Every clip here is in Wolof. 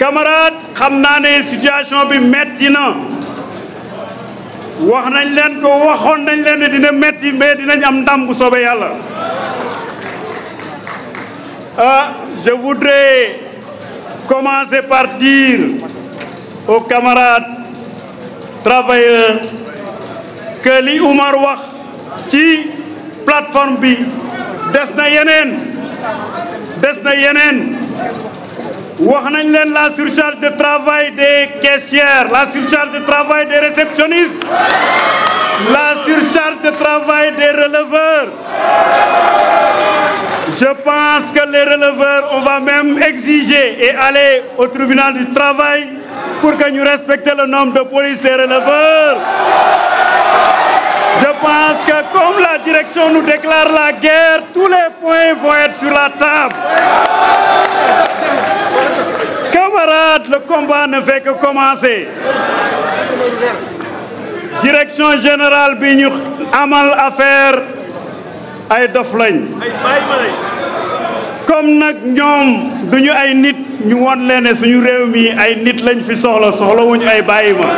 camarade xam naa ne situation bi metti na wax nañ leen ko waxoon nañ leen dina metti mais dinañ am ndam bu soobee yàlla ah je voudrais commencer par dire aux camarades que li Umar wax ci plateforme bi des na yeneen des na yeneen wax nañ leen la surcharge de travail des caissières la surcharge de travail des réceptionnistes la surcharge de travail des releveurs je pense que les releveurs on va même exiger et aller au tribunal du travail pour que ñu respecte le nombre de police des releveurs je pense que comme la direction nous déclare la guerre tous les points vont être sur la table le combat ne fait direction générale bi ñu amal affaire ay dof lañ comme nag ñoom duñu ay nit ñu won leen suñu réew mi ay nit lañ fi soxla soxla wuñu ay bàyyi ma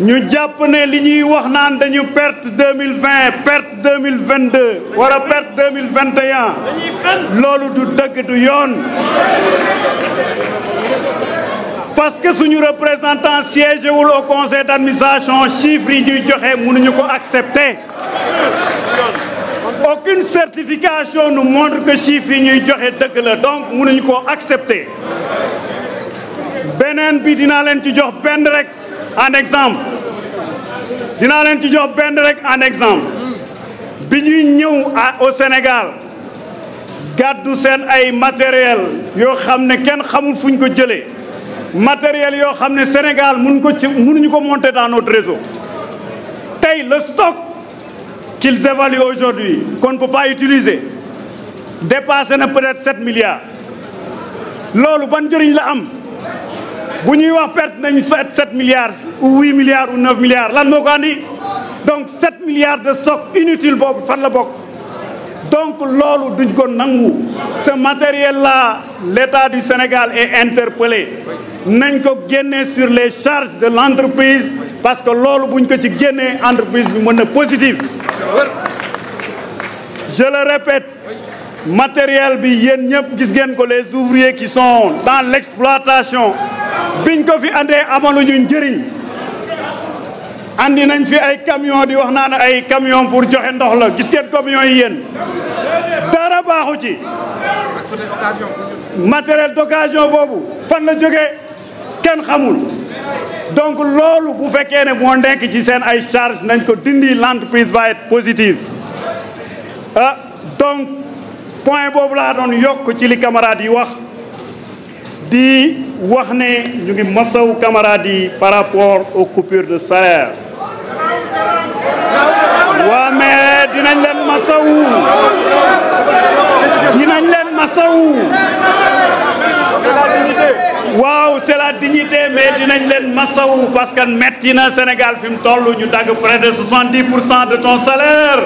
ñu jàpp ne li ñuy wax naan dañu perte deux mille vingt perte deux mille vingt deux wala perte mille vingt et loolu du dëgg du yoon parce que suñu représentant siégé wul au conseil d' administration chiffres yi ñuy joxe mënuñu ko accepter aucune certification nous montre que chiffres yi ñuy joxe dëgg la donc mënuñu ko accepter beneen bi dinaa leen ci jox benn rek. en exemple dinaa leen ci jox benn rek en exemple bi ñuy ñëw au Sénégal gàddu seen ay matériel yoo xam ne kenn xamul fuñ ko jëlee matériel yoo xam ne Sénégal mun ko ci mënuñu ko monter dans notre réseau tey le stock qu'ils évaluent aujourd'hui qu'on ne peut pas utiliser dépassé na peut-être sept milliards loolu ban njëriñ la am bu ñuy wax perte nañ sept sept milliards ou huit milliards ou milliards lan moo ko andi donc sept milliards de stock inutile boobu fan la bokk donc loolu duñ ko nangu ce matériel la l'état du Sénégal est interpellé nañ ko génnee sur les charges de l'entreprise parce que loolu buñ ko ci génnee entreprise bi mën na positive je le répète matériel bi yéen ñëpp gis ngeen ko les ouvriers qui sont dans l'exploitation biñ ko fi andee amaluñu njëriñ andi nañ fi ay camion di wax naan ay camion pour joxe ndox la gis ngeen camion yi yéen dara baaxu ci matériel d'occasion boobu fan la jóge kenn xamul donc loolu bu fekkee ne moo nekk ci seen ay charge nañ ko dindi l'entreprise va être positive ah donc point boobu laa doon yokk ci li camarades yi wax di wax ne ñu ngi masaw camarades par rapport aux coupures de salaire waa mais dinañ leen masawu dinañ leen masawu waaw c'est la dignité mais dinañ leen masawu parce que metti na Sénégal fi mu toll ñu dagg près de cent de ton salaire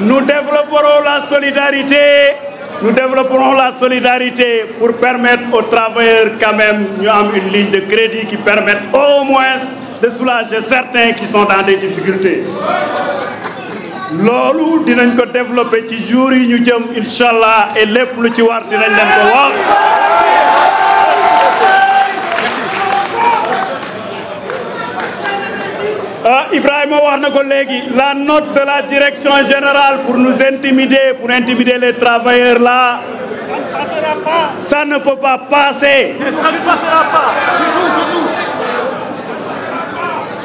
nous développerons la solidarité Nous développerons la solidarité pour permettre aux travailleurs quand même ñu am une ligne de crédit qui permette au moins de soulager certains qui sont dans des difficultés loolu dinañ ko développé ci jour yi ñu jëm incha allah et lépp lu ci war dinañ leen ko wax Ah, Ibrahima wax na ko léegi la note de la direction générale pour nous intimider pour intimider les travailleurs là ça ne peut pas passer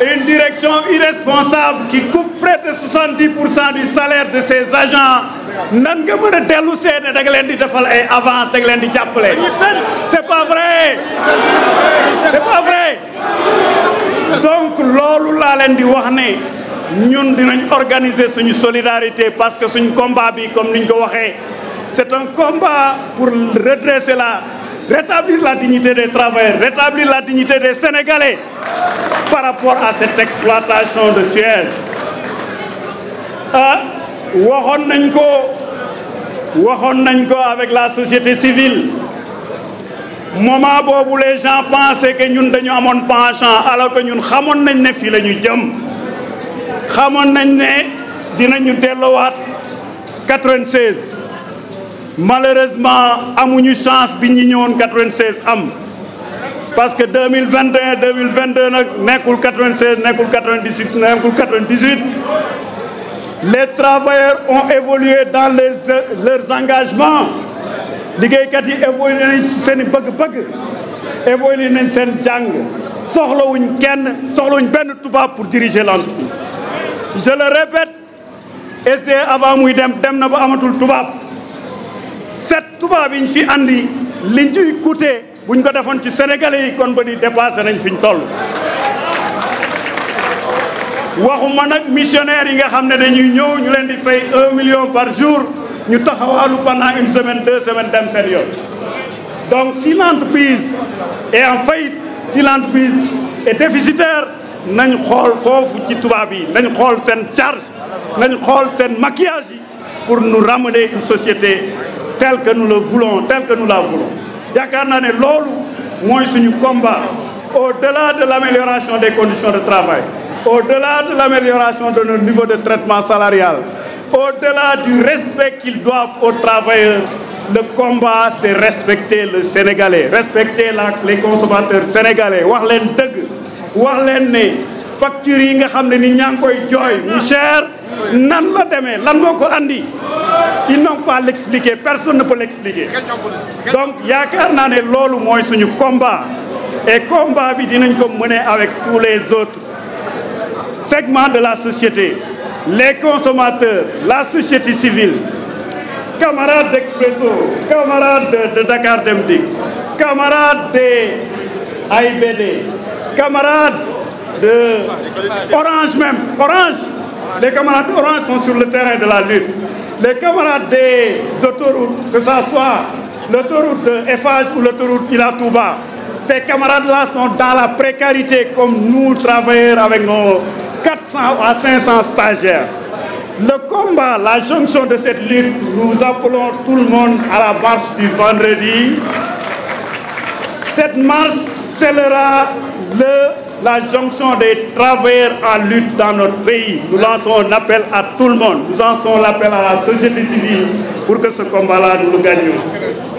une direction irresponsable qui coupe près de 70 pour cent du salaire de ses agents nan nga mën dellu seet ne da nga leen di defal ay avance da nga leen di jàppale c'est pas vrai c'est pas vrai donc loolu laa leen di wax ne ñun dinañ organiser suñu solidarité parce que suñu combat bi comme niñ ko waxee c'est un combat pour redresser la rétablir la dignité des travailleurs rétablir la dignité des Sénégalais par rapport à cette exploitation de Suez ah waxoon nañ ko waxoon nañ ko avec la société civile moment boobu les gens pensaient que ñun dañu amoon penchant alors que ñun xamoon nañ ne fii la ñu jëm xamoon nañ ne dinañu delloowaat 96 malheureusement amuñu chance bi ñu ñëwoon 96 am parce que 2021 2022 nag nekkul 96 nekkul 98 nekkul 98 les travailleurs ont évolué dans les leurs engagements liggéeykat yi évolué nañ seen i bëgg-bëgg évolué nañ seen jàng soxlawuñ kenn soxlawuñ benn tubaab pour diriger l'entreprise je le répète SDE avant muy dem dem na ba amatul tubaab set tubaab yi ñu fi andi li ñuy coûté buñ ko defoon ci sénégalais yi kon ba ni dépassé nañ fi ñu toll. waxuma nag missionnaire yi nga xam ne dañuy ñëw ñu leen di fay un million par jour. ñu taxawaalu pendant une semaine deux semaines dem seen yoon donc si l'entreprise est en faillite si l'entreprise est déficitaire nañu xool foofu ci tubaab yi nañ xool seen charge nañ xool seen maquillage pour nu ramener une société telle que nous le voulons telle que nous la voulons yaakaar naa ne loolu mooy suñu combat au-delà de l'amélioration des conditions de travail au-delà de l'amélioration de nos niveaux de traitement salarial Au-delà du respect qu'ils doivent aux travailleurs, le combat c'est respecter le Sénégalais respecter la les consommateurs sénégalais wax leen dëgg wax leen ne facture yi nga xam ne ni ñaa ngi koy jooy mu cher nan la demee lan moo ko andi non n'ont pas l'expliquer personne ne peut l'expliquer donc yaakaar naa ne loolu mooy suñu combat et combat bi dinañ ko mener avec tous les autres segments de la société les consommateurs, la société civile, camarades d'Expresso, camarades de, de Dakar Demdik, camarades des AIBD, camarades de Orange même, Orange. Les camarades Orange sont sur le terrain de la lutte. Les camarades des autoroutes, que ce soit l'autoroute de ou l'autoroute Ila Touba, ces camarades-là sont dans la précarité comme nous, travailleurs avec nos 400 à 500 stagiaires. Le combat, la jonction de cette lutte, nous appelons tout le monde à la marche du vendredi. Cette marche scellera la jonction des travailleurs en lutte dans notre pays. Nous lançons un appel à tout le monde. Nous lançons l'appel à la société civile pour que ce combat-là, nous le gagnions.